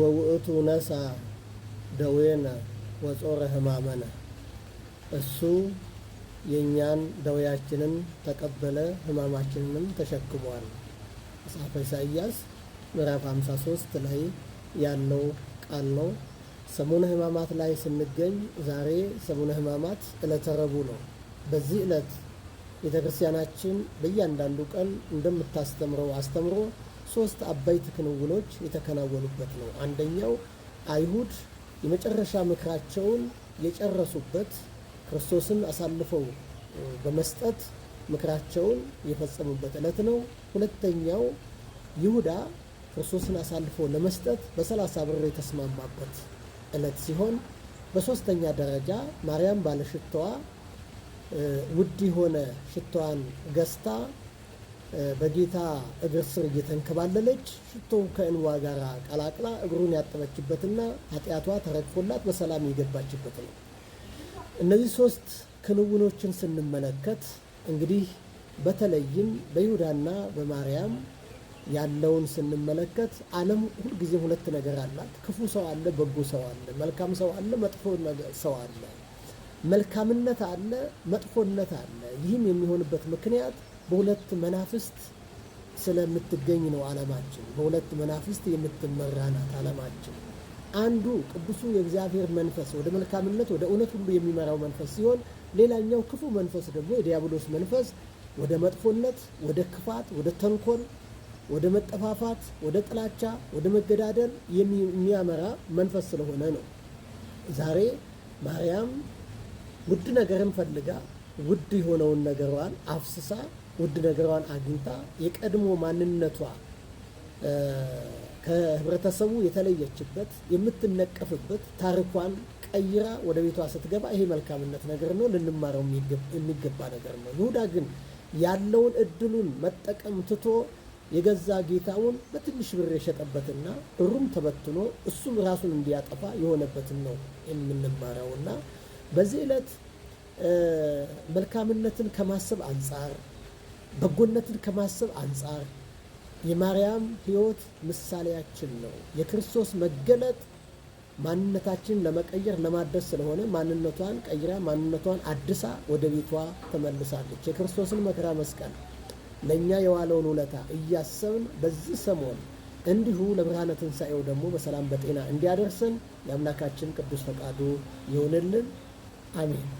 ወውእቱ ነሳ ደዌነ ወጾረ ህማመነ! እሱ የእኛን ደዌያችንን ተቀበለ ህማማችንንም ተሸክሟል። መጽሐፈ ኢሳይያስ ምዕራፍ 53 ላይ ያለው ቃል ነው። ሰሙነ ህማማት ላይ ስንገኝ ዛሬ ሰሙነ ህማማት ዕለተ ረቡዕ ነው። በዚህ ዕለት ቤተ ክርስቲያናችን በእያንዳንዱ ቀን እንደምታስተምረው አስተምሮ ሶስት አበይት ክንውኖች የተከናወኑበት ነው። አንደኛው አይሁድ የመጨረሻ ምክራቸውን የጨረሱበት ክርስቶስን አሳልፈው በመስጠት ምክራቸውን የፈጸሙበት ዕለት ነው። ሁለተኛው ይሁዳ ክርስቶስን አሳልፎ ለመስጠት በሰላሳ ብር የተስማማበት ዕለት ሲሆን በሶስተኛ ደረጃ ማርያም ባለሽቷዋ ውድ የሆነ ሽቷዋን ገዝታ በጌታ እግር ስር እየተንከባለለች ሽቶውን ከእንዋ ጋር ቀላቅላ እግሩን ያጠበችበትና ኃጢአቷ ተረግፎላት በሰላም የገባችበት ነው። እነዚህ ሶስት ክንውኖችን ስንመለከት እንግዲህ በተለይም በይሁዳና በማርያም ያለውን ስንመለከት ዓለም ሁልጊዜ ሁለት ነገር አላት። ክፉ ሰው አለ፣ በጎ ሰው አለ፣ መልካም ሰው አለ፣ መጥፎ ሰው አለ፣ መልካምነት አለ፣ መጥፎነት አለ። ይህም የሚሆንበት ምክንያት በሁለት መናፍስት ስለምትገኝ ነው ዓለማችን። በሁለት መናፍስት የምትመራ ናት ዓለማችን። አንዱ ቅዱሱ የእግዚአብሔር መንፈስ ወደ መልካምነት ወደ እውነት ሁሉ የሚመራው መንፈስ ሲሆን፣ ሌላኛው ክፉ መንፈስ ደግሞ የዲያብሎስ መንፈስ ወደ መጥፎነት፣ ወደ ክፋት፣ ወደ ተንኮል፣ ወደ መጠፋፋት፣ ወደ ጥላቻ፣ ወደ መገዳደል የሚያመራ መንፈስ ስለሆነ ነው። ዛሬ ማርያም ውድ ነገርን ፈልጋ ውድ የሆነውን ነገሯን አፍስሳ ውድ ነገሯን አግኝታ የቀድሞ ማንነቷ ከህብረተሰቡ የተለየችበት የምትነቀፍበት ታሪኳን ቀይራ ወደ ቤቷ ስትገባ ይሄ መልካምነት ነገር ነው፣ ልንማረው የሚገባ ነገር ነው። ይሁዳ ግን ያለውን እድሉን መጠቀም ትቶ የገዛ ጌታውን በትንሽ ብር የሸጠበትና ብሩም ተበትኖ እሱም ራሱን እንዲያጠፋ የሆነበትን ነው የምንማረውና በዚህ ዕለት መልካምነትን ከማሰብ አንጻር በጎነትን ከማሰብ አንጻር የማርያም ሕይወት ምሳሌያችን ነው። የክርስቶስ መገለጥ ማንነታችንን ለመቀየር ለማደስ ስለሆነ ማንነቷን ቀይራ ማንነቷን አድሳ ወደ ቤቷ ተመልሳለች። የክርስቶስን መከራ መስቀል ለእኛ የዋለውን ውለታ እያሰብን በዚህ ሰሞን እንዲሁ ለብርሃነ ትንሣኤው ደግሞ በሰላም በጤና እንዲያደርስን የአምላካችን ቅዱስ ፈቃዱ ይሆንልን። አሜን።